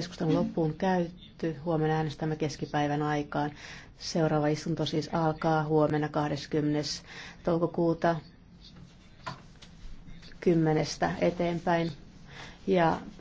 Keskustelun loppuun käyty. Huomenna äänestämme keskipäivän aikaan. Seuraava istunto siis alkaa huomenna 20. toukokuuta 10. eteenpäin. Ja